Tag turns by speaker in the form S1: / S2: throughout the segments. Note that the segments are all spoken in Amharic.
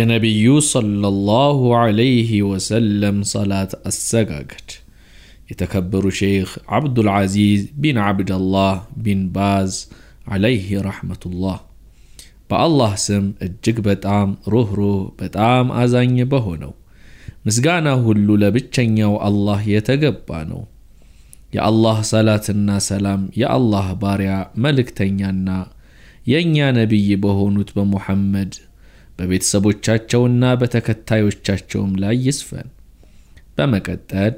S1: النبي صلى الله عليه وسلم صلاة السجاجت يتكبر شيخ عبد العزيز بن عبد الله بن باز عليه رحمة الله በአላህ ስም እጅግ በጣም ሩኅሩህ በጣም አዛኝ በሆነው ምስጋና ሁሉ ለብቸኛው አላህ የተገባ ነው። የአላህ ሰላትና ሰላም የአላህ ባሪያ መልእክተኛና የእኛ ነቢይ በሆኑት በሙሐመድ በቤተሰቦቻቸውና በተከታዮቻቸውም ላይ ይስፈን። በመቀጠል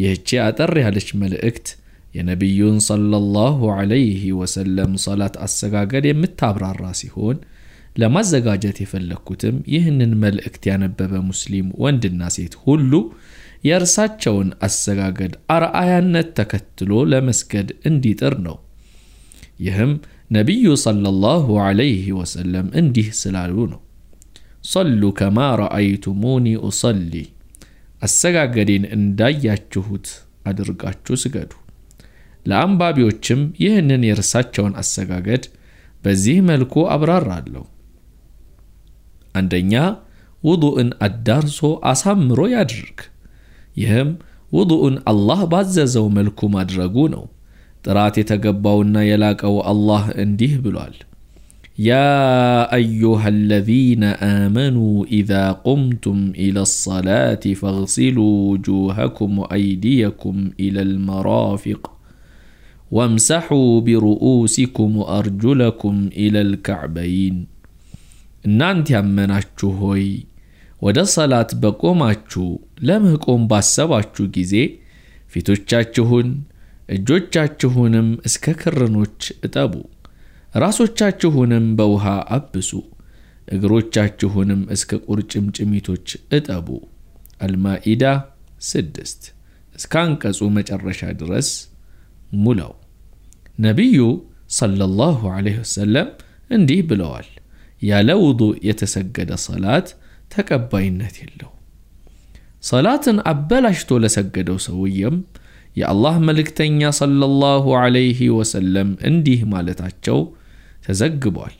S1: ይህቺ አጠር ያለች መልእክት የነቢዩን ሰለላሁ ዐለይሂ ወሰለም ሰላት አሰጋገድ የምታብራራ ሲሆን ለማዘጋጀት የፈለግኩትም ይህንን መልእክት ያነበበ ሙስሊም ወንድና ሴት ሁሉ የእርሳቸውን አሰጋገድ አርአያነት ተከትሎ ለመስገድ እንዲጥር ነው። ይህም ነቢዩ ሰለላሁ ዐለይሂ ወሰለም እንዲህ ስላሉ ነው። ሰሉ ከማ ረአይቱሙኒ ኡሰሊ አሰጋገዴን እንዳያችሁት አድርጋችሁ ስገዱ። ለአንባቢዎችም ይህንን የእርሳቸውን አሰጋገድ በዚህ መልኩ አብራራለሁ። አንደኛ ውዱእን አዳርሶ አሳምሮ ያድርግ። ይህም ውዱእን አላህ ባዘዘው መልኩ ማድረጉ ነው። ጥራት የተገባውና የላቀው አላህ እንዲህ ብሏል يا أيها الذين آمنوا إذا قمتم إلى الصلاة فاغسلوا وجوهكم وأيديكم إلى المرافق وامسحوا برؤوسكم وأرجلكم إلى الكعبين نانت يمناتشو هوي ودى بقوم بقوماتشو لم هكوم باسواتشو جيزي في توتشاتشوهن جوتشاتشوهنم اسككرنوش تابو ራሶቻችሁንም በውሃ አብሱ፣ እግሮቻችሁንም እስከ ቁርጭምጭሚቶች እጠቡ። አልማኢዳ ስድስት እስከ አንቀጹ መጨረሻ ድረስ ሙላው። ነቢዩ ሰለላሁ ዐለይሂ ወሰለም እንዲህ ብለዋል፣ ያለ ውዱእ የተሰገደ ሰላት ተቀባይነት የለው። ሰላትን አበላሽቶ ለሰገደው ሰውየም የአላህ መልእክተኛ ሰለላሁ ዐለይሂ ወሰለም እንዲህ ማለታቸው ተዘግቧል።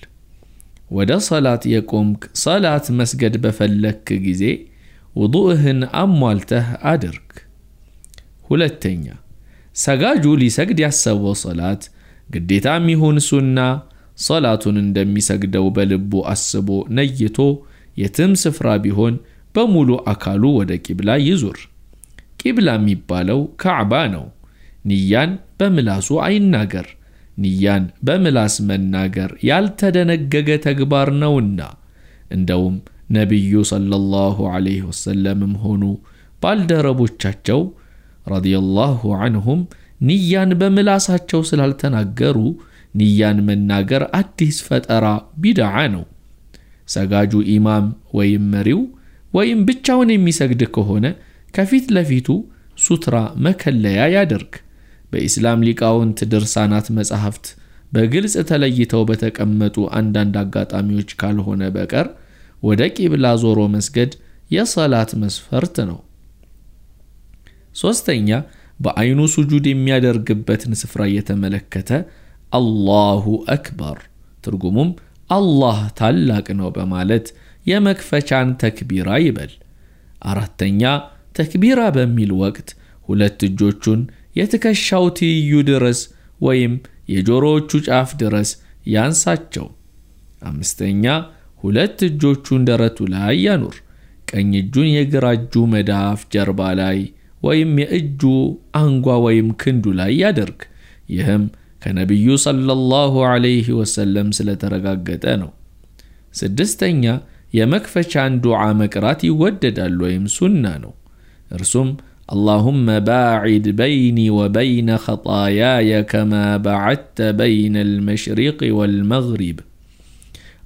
S1: ወደ ሰላት የቆምክ ሰላት መስገድ በፈለክ ጊዜ ውዱእህን አሟልተህ አድርግ። ሁለተኛ ሰጋጁ ሊሰግድ ያሰበው ሰላት ግዴታም ይሁን ሱና ሰላቱን እንደሚሰግደው በልቡ አስቦ ነይቶ የትም ስፍራ ቢሆን በሙሉ አካሉ ወደ ቂብላ ይዙር። ቂብላ የሚባለው ካዕባ ነው። ንያን በምላሱ አይናገር። ንያን በምላስ መናገር ያልተደነገገ ተግባር ነውና እንደውም ነቢዩ ሰለላሁ ዐለይሂ ወሰለምም ሆኑ ባልደረቦቻቸው ረዲየላሁ ዐንሁም ንያን በምላሳቸው ስላልተናገሩ ንያን መናገር አዲስ ፈጠራ ቢድዓ ነው። ሰጋጁ ኢማም ወይም መሪው ወይም ብቻውን የሚሰግድ ከሆነ ከፊት ለፊቱ ሱትራ መከለያ ያደርግ። በኢስላም ሊቃውንት ድርሳናት መጻሕፍት በግልጽ ተለይተው በተቀመጡ አንዳንድ አጋጣሚዎች ካልሆነ በቀር ወደ ቂብላ ዞሮ መስገድ የሰላት መስፈርት ነው። ሦስተኛ፣ በአይኑ ሱጁድ የሚያደርግበትን ስፍራ እየተመለከተ አላሁ አክበር ትርጉሙም አላህ ታላቅ ነው በማለት የመክፈቻን ተክቢራ ይበል። አራተኛ፣ ተክቢራ በሚል ወቅት ሁለት እጆቹን የትከሻው ትይዩ ድረስ ወይም የጆሮዎቹ ጫፍ ድረስ ያንሳቸው። አምስተኛ ሁለት እጆቹን ደረቱ ላይ ያኑር። ቀኝ እጁን የግራ እጁ መዳፍ ጀርባ ላይ ወይም የእጁ አንጓ ወይም ክንዱ ላይ ያደርግ። ይህም ከነቢዩ ሰለላሁ ዐለይሂ ወሰለም ስለተረጋገጠ ነው። ስድስተኛ የመክፈቻን ዱዓ መቅራት ይወደዳል ወይም ሱና ነው። እርሱም اللهم باعد بيني وبين خطاياي كما بعدت بين المشرق والمغرب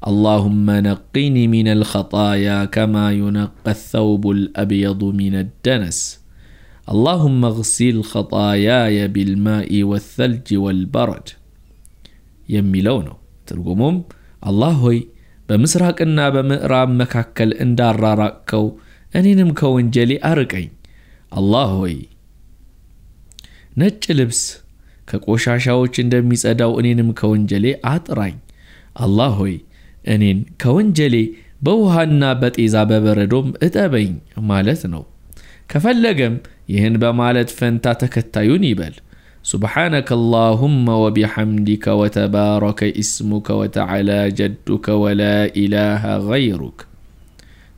S1: اللهم نقني من الخطايا كما ينقى الثوب الابيض من الدنس اللهم اغسل خطاياي بالماء والثلج والبرد የሚለው ነው ትርጉሙም አላህ ሆይ በምስራቅና በምዕራብ መካከል اني እኔንም ከወንጀሌ اركين الله هوي نج لبس كقوشاشاوچ اندميصداو انينم كونجلي اطراي الله هوي انين كونجلي በውሃና በጤዛ በበረዶም እጠበኝ ማለት ነው ከፈለገም ይህን በማለት ፈንታ ተከታዩን ይበል سبحانك اللهم وبحمدك وتبارك اسمك وتعالى جدك ولا إله غيرك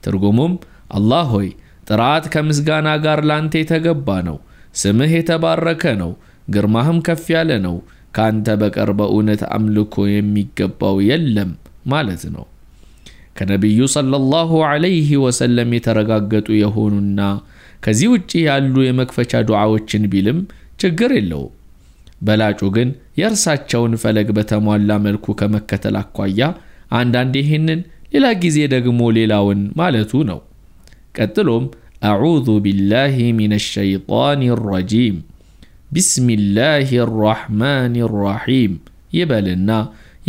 S1: ترجمهم الله هوي ጥራት ከምስጋና ጋር ላንተ የተገባ ነው። ስምህ የተባረከ ነው፣ ግርማህም ከፍ ያለ ነው። ካንተ በቀር በእውነት አምልኮ የሚገባው የለም ማለት ነው። ከነቢዩ ሰለላሁ ዐለይሂ ወሰለም የተረጋገጡ የሆኑና ከዚህ ውጭ ያሉ የመክፈቻ ዱዓዎችን ቢልም ችግር የለውም። በላጩ ግን የእርሳቸውን ፈለግ በተሟላ መልኩ ከመከተል አኳያ አንዳንድ ይህንን ሌላ ጊዜ ደግሞ ሌላውን ማለቱ ነው። ቀጥሎም አዑዙ ቢላሂ ሚነ ሸይጣን ረጂም ቢስሚላህ ራሕማን ራሒም ይበልና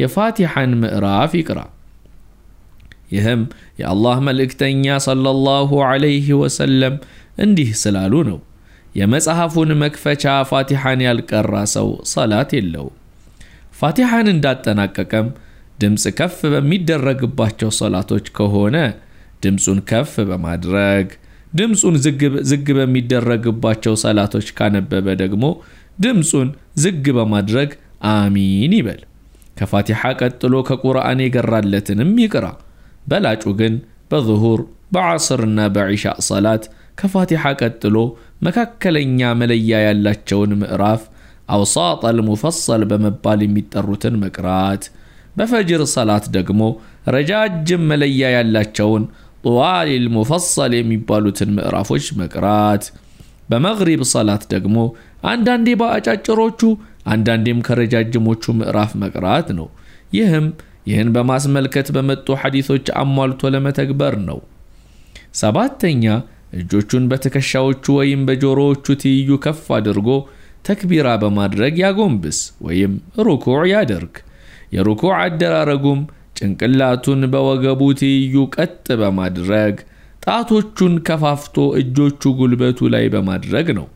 S1: የፋቲሐን ምዕራፍ ይቅራ። ይህም የአላህ መልእክተኛ ሰለላሁ ዐለይሂ ወሰለም እንዲህ ስላሉ ነው። የመጽሐፉን መክፈቻ ፋቲሐን ያልቀራ ሰው ሰላት የለው። ፋቲሐን እንዳጠናቀቀም ድምፅ ከፍ በሚደረግባቸው ሰላቶች ከሆነ ድምፁን ከፍ በማድረግ ድምፁን ዝግ በሚደረግባቸው ሰላቶች ካነበበ ደግሞ ድምፁን ዝግ በማድረግ አሚን ይበል። ከፋቲሓ ቀጥሎ ከቁርአን የገራለትንም ይቅራ። በላጩ ግን በዙሁር በዓስርና በዒሻ ሰላት ከፋቲሓ ቀጥሎ መካከለኛ መለያ ያላቸውን ምዕራፍ አውሳጠ ልሙፈሰል በመባል የሚጠሩትን መቅራት፣ በፈጅር ሰላት ደግሞ ረጃጅም መለያ ያላቸውን ጡዋሊል ሙፈሰል የሚባሉትን ምዕራፎች መቅራት፣ በመግሪብ ሰላት ደግሞ አንዳንዴ በአጫጭሮቹ አንዳንዴም ከረጃጅሞቹ ምዕራፍ መቅራት ነው። ይህም ይህን በማስመልከት በመጡ ሐዲሶች አሟልቶ ለመተግበር ነው። ሰባተኛ እጆቹን በትከሻዎቹ ወይም በጆሮዎቹ ትይዩ ከፍ አድርጎ ተክቢራ በማድረግ ያጎንብስ ወይም ሩኩዕ ያደርግ። የሩኩዕ አደራረጉም ጭንቅላቱን በወገቡ ትይዩ ቀጥ በማድረግ ጣቶቹን ከፋፍቶ እጆቹ ጉልበቱ ላይ በማድረግ ነው።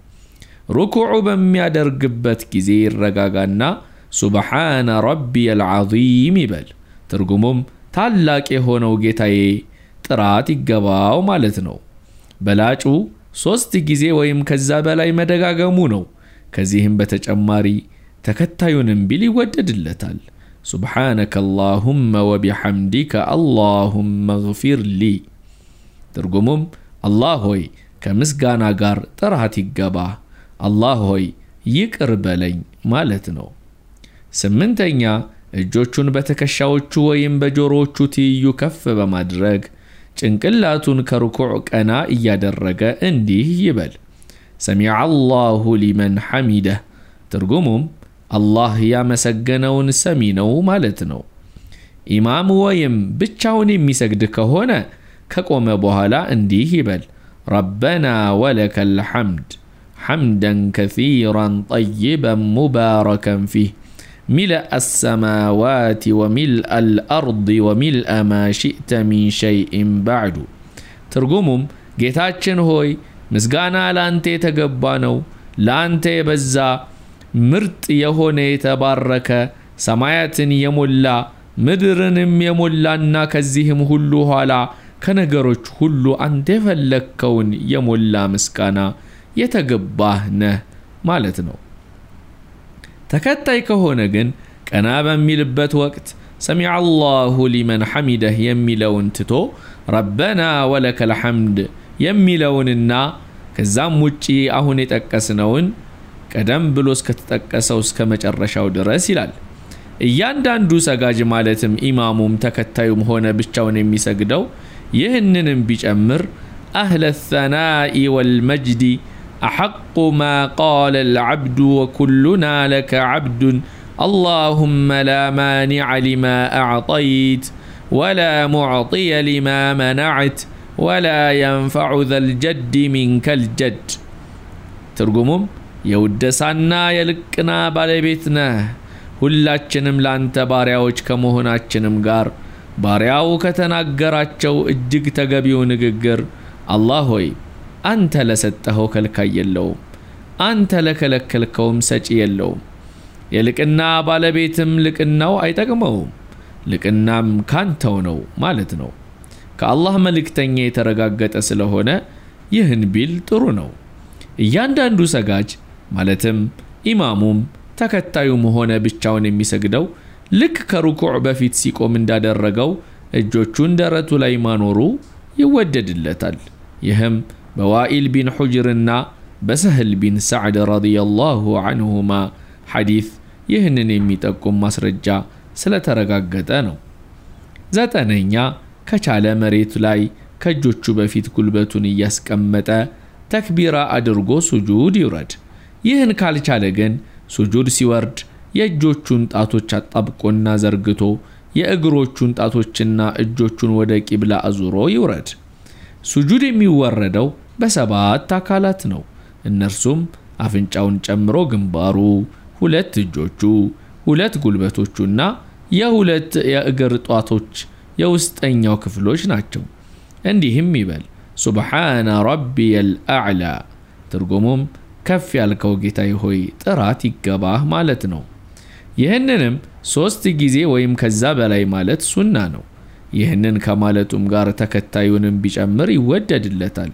S1: ሩኩዑ በሚያደርግበት ጊዜ ይረጋጋና ሱብሓነ ረቢየል ዐዚም ይበል። ትርጉሙም ታላቅ የሆነው ጌታዬ ጥራት ይገባው ማለት ነው። በላጩ ሦስት ጊዜ ወይም ከዛ በላይ መደጋገሙ ነው። ከዚህም በተጨማሪ ተከታዩን ቢል ይወደድለታል። Subhanaka Allahumma wa bihamdika Allahumma ghafir li ትርጉሙም አላህ ሆይ ከምስጋና ጋር ጥራት ይገባ አላህ ሆይ ይቅር በለኝ ማለት ነው ስምንተኛ እጆቹን በትከሻዎቹ ወይም በጆሮዎቹ ትይዩ ከፍ በማድረግ ጭንቅላቱን ከርኩዕ ቀና እያደረገ እንዲህ ይበል ሰሚዐ አላሁ ሊመን ሐሚደህ ትርጉሙም አላህ ያመሰገነውን ሰሚ ነው ማለት ነው። ኢማም ወይም ብቻውን የሚሰግድ ከሆነ ከቆመ በኋላ እንዲህ ይበል፣ ረበና ወለከ ልሐምድ ሐምደን ከሲራን ጠይበን ሙባረከን ፊህ ملء السماوات وملء الأرض وملء ما شئت من شيء بعد ترجمهم ጌታችን ሆይ ምስጋና ለአንተ የተገባ ነው፣ ለአንተ የበዛ ምርጥ የሆነ የተባረከ ሰማያትን የሞላ ምድርንም የሞላና ከዚህም ሁሉ ኋላ ከነገሮች ሁሉ አንተ የፈለግከውን የሞላ ምስጋና የተገባህ ነህ ማለት ነው። ተከታይ ከሆነ ግን ቀና በሚልበት ወቅት ሰሚዐ አላሁ ሊመን ሐሚደህ የሚለውን ትቶ ረበና ወለከል ሐምድ የሚለውንና ከዛም ውጪ አሁን የጠቀስነውን قدم بلوس كتتكسو سكمج الرشاو درسي لال إيان دان دوسا غاج مالتم إماموم تكتايو مهونا بشاوني ميسا قدو يهننن بيش أمر أهل الثناء والمجد أحق ما قال العبد وكلنا لك عبد اللهم لا مانع لما أعطيت ولا معطي لما منعت ولا ينفع ذا الجد منك الجد ترجمهم የውደሳና የልቅና ባለቤት ነህ። ሁላችንም ላንተ ባሪያዎች ከመሆናችንም ጋር ባሪያው ከተናገራቸው እጅግ ተገቢው ንግግር አላህ ሆይ አንተ ለሰጠኸው ከልካይ የለውም፣ አንተ ለከለከልከውም ሰጪ የለውም። የልቅና ባለቤትም ልቅናው አይጠቅመውም፣ ልቅናም ካንተው ነው ማለት ነው። ከአላህ መልእክተኛ የተረጋገጠ ስለሆነ ይህን ቢል ጥሩ ነው። እያንዳንዱ ሰጋጅ ማለትም ኢማሙም ተከታዩም ሆነ ብቻውን የሚሰግደው ልክ ከሩኩዕ በፊት ሲቆም እንዳደረገው እጆቹን ደረቱ ላይ ማኖሩ ይወደድለታል። ይህም በዋኢል ቢን ሑጅርና በሰህል ቢን ሳዕድ ረዲየላሁ አንሁማ ሐዲት ይህንን የሚጠቁም ማስረጃ ስለተረጋገጠ ነው። ዘጠነኛ ከቻለ መሬት ላይ ከእጆቹ በፊት ጉልበቱን እያስቀመጠ ተክቢራ አድርጎ ሱጁድ ይውረድ። ይህን ካልቻለ ግን ሱጁድ ሲወርድ የእጆቹን ጣቶች አጣብቆና ዘርግቶ የእግሮቹን ጣቶችና እጆቹን ወደ ቂብላ አዙሮ ይውረድ። ሱጁድ የሚወረደው በሰባት አካላት ነው። እነርሱም አፍንጫውን ጨምሮ ግንባሩ፣ ሁለት እጆቹ፣ ሁለት ጉልበቶቹና የሁለት የእግር ጣቶች የውስጠኛው ክፍሎች ናቸው። እንዲህም ይበል ሱብሓነ ረቢየል አዕላ። ትርጉሙም ከፍ ያልከው ጌታዬ ሆይ ጥራት ይገባህ ማለት ነው። ይህንንም ሶስት ጊዜ ወይም ከዛ በላይ ማለት ሱና ነው። ይህንን ከማለቱም ጋር ተከታዩንም ቢጨምር ይወደድለታል።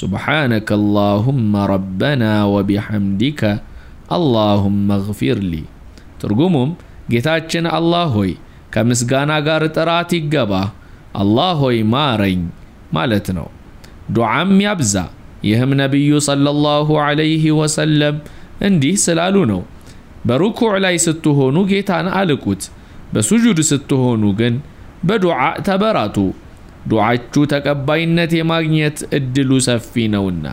S1: ሱብሓነከ አላሁመ ረበና ወቢሐምዲከ አላሁመ እግፊር ሊ። ትርጉሙም ጌታችን አላህ ሆይ ከምስጋና ጋር ጥራት ይገባህ፣ አላህ ሆይ ማረኝ ማለት ነው። ዱዓም ያብዛ ይህም ነቢዩ ሰለላሁ ዐለይሂ ወሰለም እንዲህ ስላሉ ነው። በሩኩዕ ላይ ስትሆኑ ጌታን አልቁት፣ በሱጁድ ስትሆኑ ግን በዱዓ ተበራቱ፣ ዱዓችሁ ተቀባይነት የማግኘት እድሉ ሰፊ ነውና።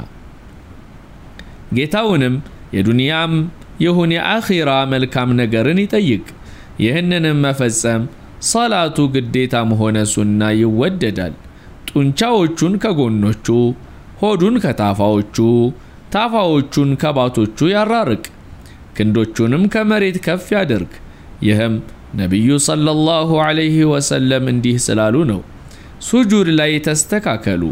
S1: ጌታውንም የዱንያም ይሁን የአኺራ መልካም ነገርን ይጠይቅ። ይህንንም መፈጸም ሰላቱ ግዴታም ሆነ ሱና ይወደዳል። ጡንቻዎቹን ከጎኖቹ ሆዱን ከታፋዎቹ ታፋዎቹን ከባቶቹ ያራርቅ፣ ክንዶቹንም ከመሬት ከፍ ያደርግ ይህም ነቢዩ ሰለላሁ ዐለይሂ ወሰለም እንዲህ ስላሉ ነው። ሱጁድ ላይ ተስተካከሉ።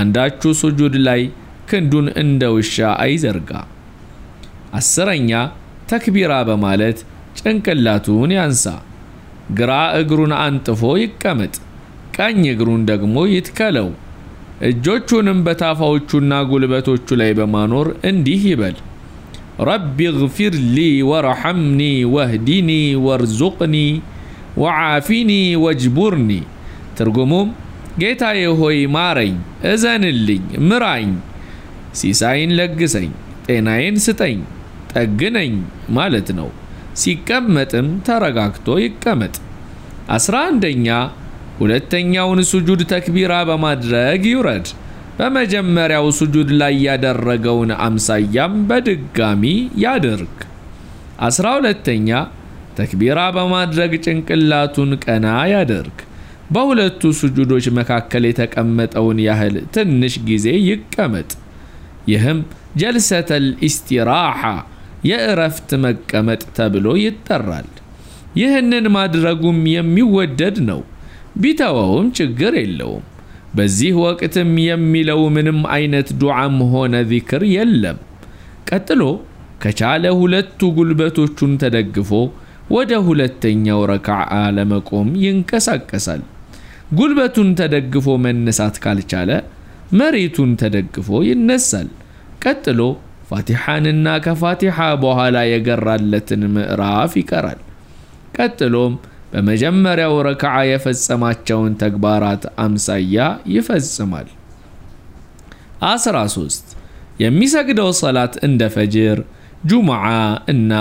S1: አንዳችሁ ሱጁድ ላይ ክንዱን እንደ ውሻ አይዘርጋ። አስረኛ ተክቢራ በማለት ጭንቅላቱን ያንሳ። ግራ እግሩን አንጥፎ ይቀመጥ፣ ቀኝ እግሩን ደግሞ ይትከለው። እጆቹንም በታፋዎቹና ጉልበቶቹ ላይ በማኖር እንዲህ ይበል ረቢ እግፊር ሊ ወርሐምኒ ወህዲኒ ወርዙቅኒ ወዓፊኒ ወጅቡርኒ ትርጉሙም ጌታዬ ሆይ ማረኝ፣ እዘንልኝ፣ ምራኝ፣ ሲሳይን ለግሰኝ፣ ጤናዬን ስጠኝ፣ ጠግነኝ ማለት ነው። ሲቀመጥም ተረጋግቶ ይቀመጥ። አስራ አንደኛ ሁለተኛውን ሱጁድ ተክቢራ በማድረግ ይውረድ። በመጀመሪያው ሱጁድ ላይ ያደረገውን አምሳያም በድጋሚ ያድርግ። አስራ ሁለተኛ ተክቢራ በማድረግ ጭንቅላቱን ቀና ያድርግ። በሁለቱ ሱጁዶች መካከል የተቀመጠውን ያህል ትንሽ ጊዜ ይቀመጥ። ይህም ጀልሰተል ኢስቲራሓ የእረፍት መቀመጥ ተብሎ ይጠራል። ይህንን ማድረጉም የሚወደድ ነው። ቢተወውም ችግር የለውም። በዚህ ወቅትም የሚለው ምንም አይነት ዱዓም ሆነ ዚክር የለም። ቀጥሎ ከቻለ ሁለቱ ጉልበቶቹን ተደግፎ ወደ ሁለተኛው ረክዓ ለመቆም ይንቀሳቀሳል። ጉልበቱን ተደግፎ መነሳት ካልቻለ መሬቱን ተደግፎ ይነሳል። ቀጥሎ ፋቲሓንና ከፋቲሓ በኋላ የገራለትን ምዕራፍ ይቀራል። ቀጥሎም በመጀመሪያው ረክዓ የፈጸማቸውን ተግባራት አምሳያ ይፈጽማል። 13 የሚሰግደው ሰላት እንደ ፈጅር፣ ጁሙዓ እና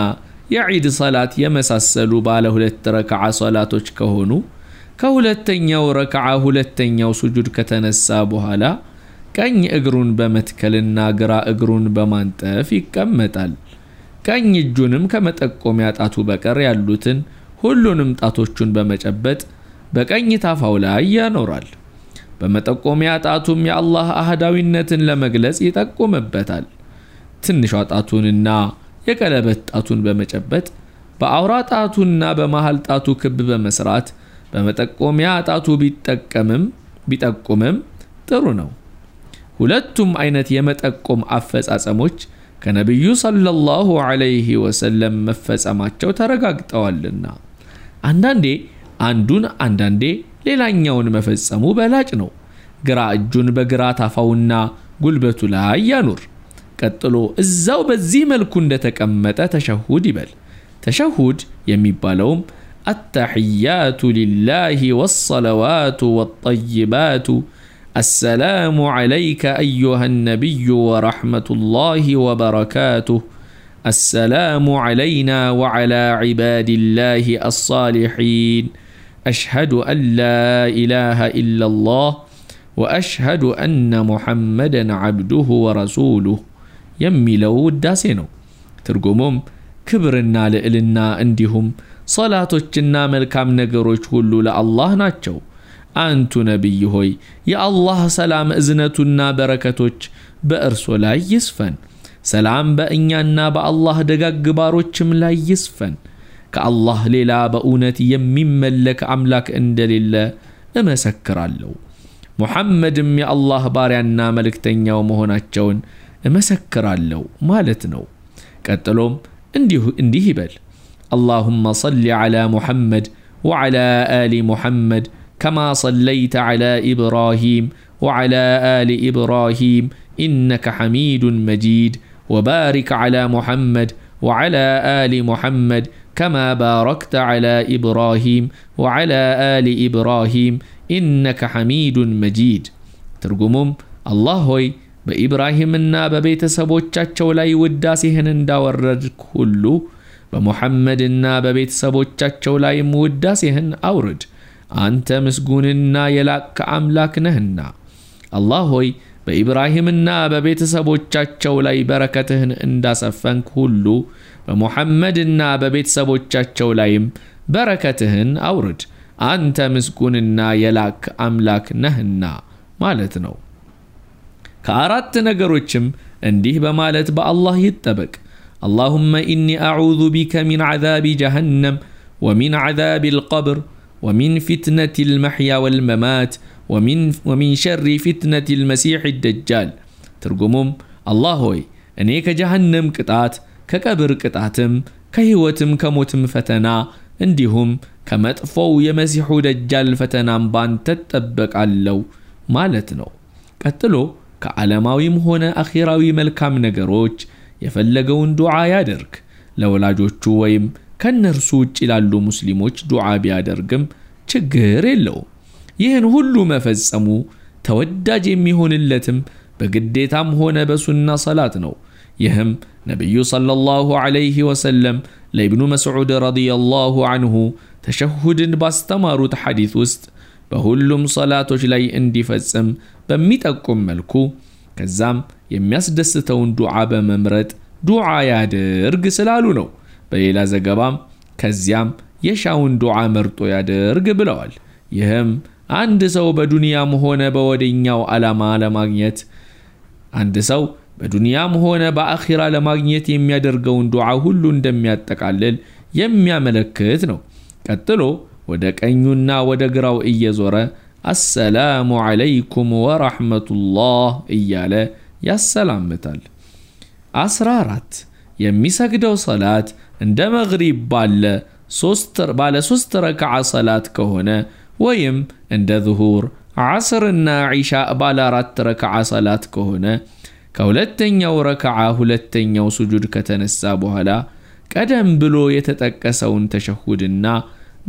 S1: የዒድ ሰላት የመሳሰሉ ባለ ሁለት ረክዓ ሰላቶች ከሆኑ ከሁለተኛው ረክዓ ሁለተኛው ሱጁድ ከተነሳ በኋላ ቀኝ እግሩን በመትከልና ግራ እግሩን በማንጠፍ ይቀመጣል። ቀኝ እጁንም ከመጠቆሚያ ጣቱ በቀር ያሉትን ሁሉንም ጣቶቹን በመጨበጥ በቀኝ ታፋው ላይ ያኖራል። በመጠቆሚያ ጣቱም የአላህ አህዳዊነትን ለመግለጽ ይጠቁምበታል። ትንሿ ጣቱንና የቀለበት ጣቱን በመጨበጥ በአውራ ጣቱና በመሃል ጣቱ ክብ በመስራት በመጠቆሚያ ጣቱ ቢጠቀምም ቢጠቁምም ጥሩ ነው። ሁለቱም አይነት የመጠቆም አፈጻጸሞች كان كنبي صلى الله عليه وسلم مفز أماتشو ترقاق طوالنا عندان دي عندون عندان دي ليلان يون مفز أمو بلاجنو قراء الجن بقراء تفاونا قلبة لا يانور كتلو الزاو بزيم الكندة كمتا تشهود بل تشهود يمي بالوم التحيات لله والصلوات والطيبات السلام عليك ايها النبي ورحمه الله وبركاته السلام علينا وعلى عباد الله الصالحين اشهد ان لا اله الا الله واشهد ان محمدا عبده ورسوله يميلو ውዳሴ ترجمهم كبرنا لإلنا عندهم صلاة ሶላቶችና መልካም ነገሮች ሁሉ لألله ناتشو አንቱ ነቢይ ሆይ የአላህ ሰላም እዝነቱና በረከቶች በእርሶ ላይ ይስፈን ሰላም በእኛና በአላህ ደጋግ ባሮችም ላይ ይስፈን ከአላህ ሌላ በእውነት የሚመለክ አምላክ እንደሌለ እመሰክራለሁ ሙሐመድም የአላህ ባሪያና መልእክተኛው መሆናቸውን እመሰክራለሁ ማለት ነው ቀጥሎም እንዲሁ እንዲህ ይበል አላሁመ ሰሊ ዐላ ሙሐመድ ወዓላ አሊ ሙሐመድ كما صليت على ابراهيم وعلى ال ابراهيم انك حميد مجيد وبارك على محمد وعلى ال محمد كما باركت على ابراهيم وعلى ال ابراهيم انك حميد مجيد ترجمهم الله هوي በኢብራሂምና በቤተሰቦቻቸው ላይ ውዳሴህን እንዳወረድክ ሁሉ በሙሐመድና በቤተሰቦቻቸው ላይም ውዳሴህን አውርድ أنت مسجون النا يلاك عملاك نهنا الله هوي بإبراهيم النا ببيت سبو تشاتشو لاي بركتهن اندا سفنك هلو بمحمد النا ببيت سبو تشاتشو لاي بركتهن أورد أنت مسجون النا يلاك عملاك نهنا مالتنو كارات نقروتشم انديه بمالت با الله يتبك اللهم إني أعوذ بك من عذاب جهنم ومن عذاب القبر ومن فتنة المحيا والممات ومن ومن شر فتنة المسيح الدجال ترجمهم الله هوي أني كجهنم قطعت ككبر قطعتم كهوتم كموتم فتنا عندهم كمطفو يمسيح دجال فتنا بان تتبق علو مالتنو كعلماوي هنا أخيراوي ملكام መልካም يفلقون የፈለገውን ዱዓ ያደርግ ለወላጆቹ ወይም ከእነርሱ ውጭ ላሉ ሙስሊሞች ዱዓ ቢያደርግም ችግር የለውም። ይህን ሁሉ መፈጸሙ ተወዳጅ የሚሆንለትም በግዴታም ሆነ በሱና ሰላት ነው። ይህም ነቢዩ ሰለላሁ ዐለይሂ ወሰለም ለኢብኑ መስዑድ ረዲየላሁ አንሁ ተሸሁድን ባስተማሩት ሐዲት ውስጥ በሁሉም ሰላቶች ላይ እንዲፈጽም በሚጠቁም መልኩ ከዛም የሚያስደስተውን ዱዓ በመምረጥ ዱዓ ያድርግ ስላሉ ነው። በሌላ ዘገባም ከዚያም የሻውን ዱዓ መርጦ ያደርግ ብለዋል። ይህም አንድ ሰው በዱንያም ሆነ በወደኛው ዓላማ ለማግኘት አንድ ሰው በዱንያም ሆነ በአኺራ ለማግኘት የሚያደርገውን ዱዓ ሁሉ እንደሚያጠቃልል የሚያመለክት ነው። ቀጥሎ ወደ ቀኙና ወደ ግራው እየዞረ አሰላሙ ዓለይኩም ወራህመቱላህ እያለ ያሰላምታል። 14 የሚሰግደው ሰላት እንደ መግሪብ ባለ ባለ ሶስት ረክዓ ሰላት ከሆነ ወይም እንደ ዙሁር ዓስርና ዒሻ ባለ አራት ረክዓ ሰላት ከሆነ ከሁለተኛው ረክዓ ሁለተኛው ሱጁድ ከተነሳ በኋላ ቀደም ብሎ የተጠቀሰውን ተሸሁድና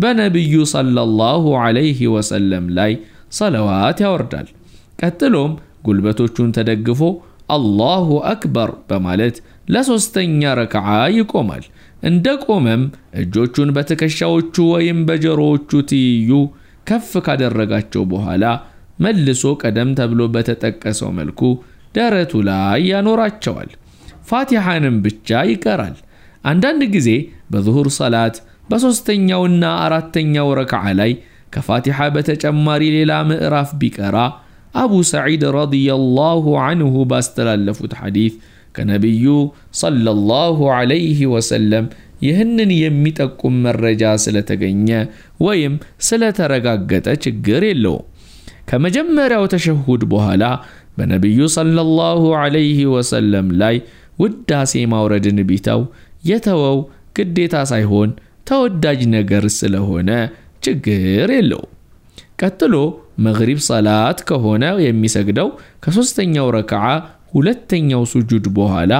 S1: በነቢዩ ሰለላሁ ዐለይሂ ወሰለም ላይ ሰለዋት ያወርዳል። ቀጥሎም ጉልበቶቹን ተደግፎ አላሁ አክበር በማለት ለሦስተኛ ረክዓ ይቆማል። እንደ ቆመም እጆቹን በትከሻዎቹ ወይም በጆሮዎቹ ትይዩ ከፍ ካደረጋቸው በኋላ መልሶ ቀደም ተብሎ በተጠቀሰው መልኩ ደረቱ ላይ ያኖራቸዋል። ፋቲሐንም ብቻ ይቀራል። አንዳንድ ጊዜ በዙሁር ሰላት በሦስተኛውና አራተኛው ረክዓ ላይ ከፋቲሐ በተጨማሪ ሌላ ምዕራፍ ቢቀራ አቡ ሰዒድ ረዲየላሁ አንሁ ባስተላለፉት ሐዲት ከነቢዩ ሰለላሁ አለይህ ወሰለም ይህንን የሚጠቁም መረጃ ስለተገኘ ወይም ስለተረጋገጠ ችግር የለው። ከመጀመሪያው ተሸሁድ በኋላ በነቢዩ ሰለላሁ አለይህ ወሰለም ላይ ውዳሴ ማውረድን ቢተው የተወው ግዴታ ሳይሆን ተወዳጅ ነገር ስለሆነ ችግር የለው ቀጥሎ መግሪብ ሰላት ከሆነ የሚሰግደው ከሶስተኛው ረክዓ ሁለተኛው ሱጁድ በኋላ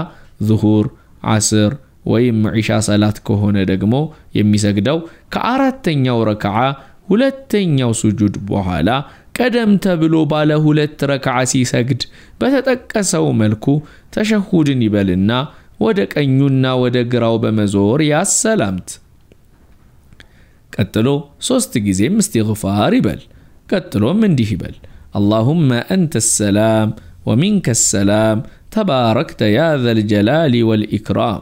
S1: ዙሁር፣ ዓስር ወይም ዒሻ ሰላት ከሆነ ደግሞ የሚሰግደው ከአራተኛው ረክዓ ሁለተኛው ሱጁድ በኋላ ቀደም ተብሎ ባለ ሁለት ረክዓ ሲሰግድ በተጠቀሰው መልኩ ተሸሁድን ይበልና ወደ ቀኙና ወደ ግራው በመዞር ያሰላምት። ቀጥሎ ሦስት ጊዜም እስትግፋር ይበል። كترون من دي هبل اللهم أنت السلام ومنك السلام تباركت يا ذا الجلال والإكرام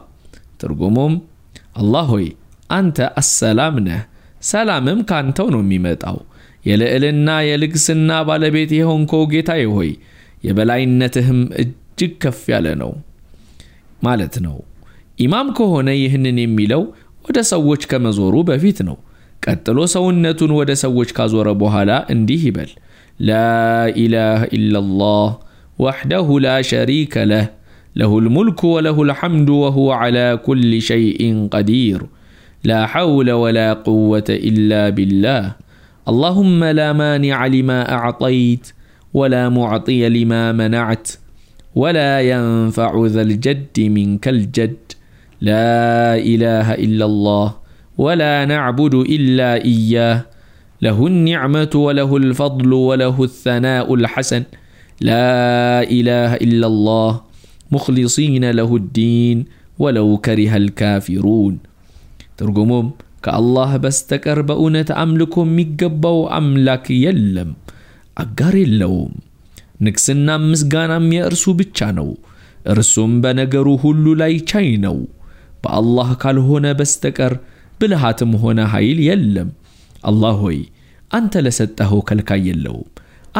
S1: ترجمهم الله أنت السلامنا سلامم كان تونو ميمتاو يلئلنا يلقسنا بالبيتي هونكو جيتاي هوي يبلعينتهم اجيك كفيا لنو مالتنو إمام كهوني يهنني ميلو ودسووش كمزورو بفيتنو ቀጥሎ ሰውነቱን ወደ ሰዎች ካዞረ በኋላ لا اله الا الله وحده لا شريك له له الملك وله الحمد وهو على كل شيء قدير لا حول ولا قوة إلا بالله اللهم لا مانع لما أعطيت ولا معطي لما منعت ولا ينفع ذا الجد منك الجد لا إله إلا الله ولا نعبد الا اياه له النعمه وله الفضل وله الثناء الحسن لا اله الا الله مخلصين له الدين ولو كره الكافرون ترجمهم كالله بستكر بأونة أملكم مجبا أملك يلم أجر اللوم نكسنا مسجانا ميرسو بتشانو رسوم بنجرو هلو لاي تشينو بالله قال هنا بستكر ብልሃትም ሆነ ኃይል የለም። አላህ ሆይ አንተ ለሰጠኸው ከልካይ የለውም፣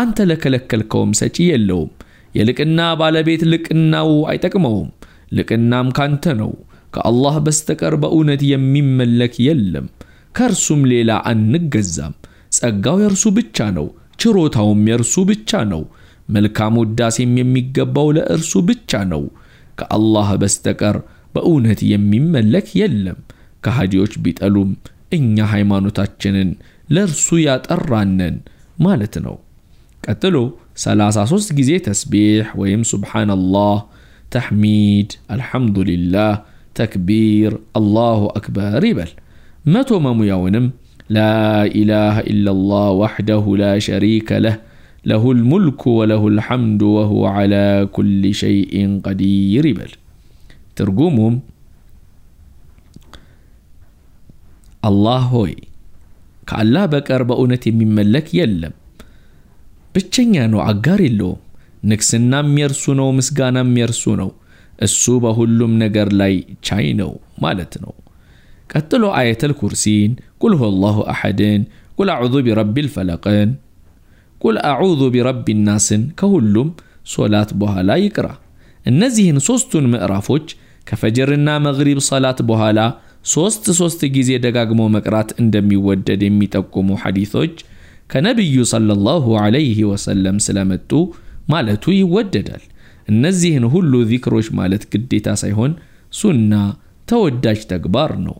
S1: አንተ ለከለከልከውም ሰጪ የለውም። የልቅና ባለቤት ልቅናው አይጠቅመውም፣ ልቅናም ካንተ ነው። ከአላህ በስተቀር በእውነት የሚመለክ የለም፣ ከእርሱም ሌላ አንገዛም። ጸጋው የእርሱ ብቻ ነው፣ ችሮታውም የእርሱ ብቻ ነው። መልካም ውዳሴም የሚገባው ለእርሱ ብቻ ነው። ከአላህ በስተቀር በእውነት የሚመለክ የለም። كهديوش بيت ألوم إنيا حيمانو تاتشنن لرسويات الرانن مالتنو كتلو سلاسة سوست جزية تسبيح ويم سبحان الله تحميد الحمد لله تكبير الله أكبر ريبل ما توما مياونم لا إله إلا الله وحده لا شريك له له الملك وله الحمد وهو على كل شيء قدير بل ترجمهم አላህ ሆይ ከአላህ በቀር በእውነት የሚመለክ የለም ብቸኛ ነው አጋር የለውም ንግስናም የእርሱ ነው ምስጋናም የእርሱ ነው እሱ በሁሉም ነገር ላይ ቻይ ነው ማለት ነው ቀጥሎ አየተል ኩርሲን ቁል ሁ ላሁ አሐድን ቁል አዑዙ ቢረቢ ልፈለቅን ቁል አዑዙ ቢረቢ ናስን ከሁሉም ሶላት በኋላ ይቅራ እነዚህን ሦስቱን ምዕራፎች ከፈጅርና መግሪብ ሰላት በኋላ سوست سوست جيزي دقاقمو مكرات اندمي ودد امي تقومو حديثوج كنبي صلى الله عليه وسلم سلامتو مالتو نزي هن هلو ذكروش مالت كدتا سي هون سنة تكبر نو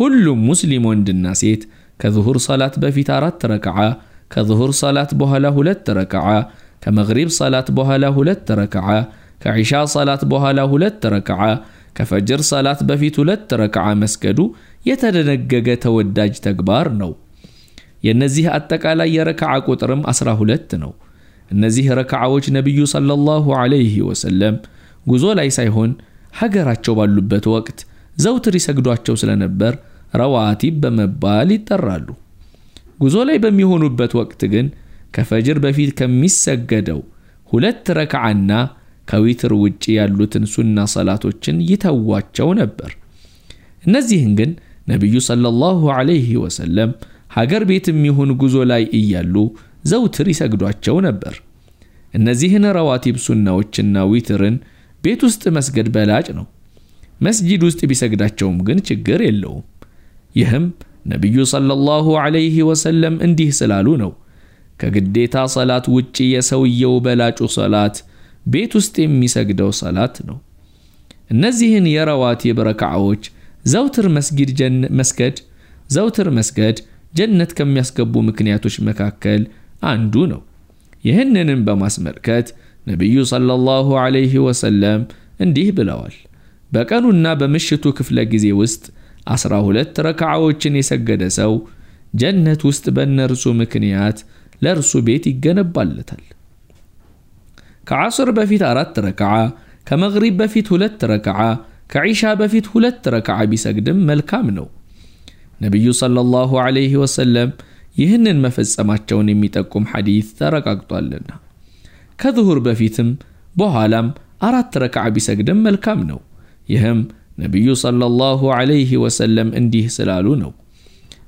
S1: هلو مسلمون عند الناسيت كظهر صلاة بفي تارات ركعة كظهر صلاة بها له لتركعة كمغرب صلاة بها له لتركعة كعشاء صلاة بها له لتركعة ከፈጅር ሰላት በፊት ሁለት ረክዓ መስገዱ የተደነገገ ተወዳጅ ተግባር ነው። የእነዚህ አጠቃላይ የረክዓ ቁጥርም 12 ነው። እነዚህ ረክዓዎች ነቢዩ ሰለላሁ ዐለይሂ ወሰለም ጉዞ ላይ ሳይሆን ሀገራቸው ባሉበት ወቅት ዘውትር ይሰግዷቸው ስለነበር ረዋቲብ በመባል ይጠራሉ። ጉዞ ላይ በሚሆኑበት ወቅት ግን ከፈጅር በፊት ከሚሰገደው ሁለት ረክዓና ከዊትር ውጭ ያሉትን ሱና ሰላቶችን ይተዋቸው ነበር። እነዚህን ግን ነቢዩ ሰለላሁ ዐለይሂ ወሰለም ሀገር ቤትም ይሁን ጉዞ ላይ እያሉ ዘውትር ይሰግዷቸው ነበር። እነዚህን ረዋቲብ ሱናዎችና ዊትርን ቤት ውስጥ መስገድ በላጭ ነው። መስጂድ ውስጥ ቢሰግዳቸውም ግን ችግር የለውም። ይህም ነቢዩ ሰለላሁ ዐለይሂ ወሰለም እንዲህ ስላሉ ነው። ከግዴታ ሰላት ውጭ የሰውየው በላጩ ሰላት ቤት ውስጥ የሚሰግደው ሰላት ነው። እነዚህን የረዋቲብ ረክዓዎች ዘውትር መስጊድ መስገድ ዘውትር መስገድ ጀነት ከሚያስገቡ ምክንያቶች መካከል አንዱ ነው። ይህንንም በማስመልከት ነቢዩ ሰለላሁ ዐለይሂ ወሰለም እንዲህ ብለዋል። በቀኑና በምሽቱ ክፍለ ጊዜ ውስጥ አስራ ሁለት ረክዓዎችን የሰገደ ሰው ጀነት ውስጥ በእነርሱ ምክንያት ለእርሱ ቤት ይገነባለታል። كعصر بفيت أرات ركعة كمغرب بفيت هلت ركعة كعشاء بفيت هلت ركعة بسقدم ملكا منو نبي صلى الله عليه وسلم يهنن مفز أماتشون ميتكم حديث ترك أقطالنا كظهر بفيتم بوهالم أرات ركعة بسقدم ملكا منو يهم نبي صلى الله عليه وسلم انديه سلالونو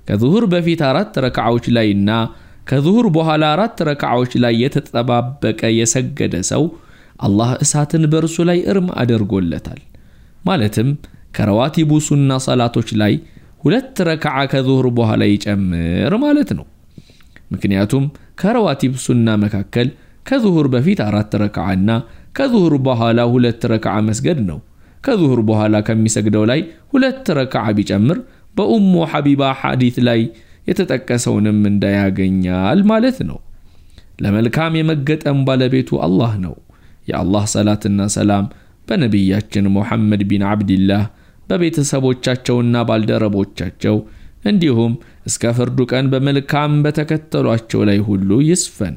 S1: كظهر بفيت أرات ركعة وشلاينا ከዙሁር በኋላ አራት ረክዓዎች ላይ የተጠባበቀ የሰገደ ሰው አላህ እሳትን በእርሱ ላይ እርም አድርጎለታል። ማለትም ከረዋቲቡ ሱና ሰላቶች ላይ ሁለት ረክዓ ከዙሁር በኋላ ይጨምር ማለት ነው። ምክንያቱም ከረዋቲብ ሱና መካከል ከዙሁር በፊት አራት ረክዓና ከዙሁር በኋላ ሁለት ረክዓ መስገድ ነው። ከዙሁር በኋላ ከሚሰግደው ላይ ሁለት ረክዓ ቢጨምር በኡሙ ሐቢባ ሐዲት ላይ የተጠቀሰውንም እንዳያገኛል ማለት ነው። ለመልካም የመገጠም ባለቤቱ አላህ ነው። የአላህ ሰላትና ሰላም በነቢያችን ሙሐመድ ቢን አብድላህ በቤተሰቦቻቸውና ባልደረቦቻቸው እንዲሁም እስከ ፍርዱ ቀን በመልካም በተከተሏቸው ላይ ሁሉ ይስፈን።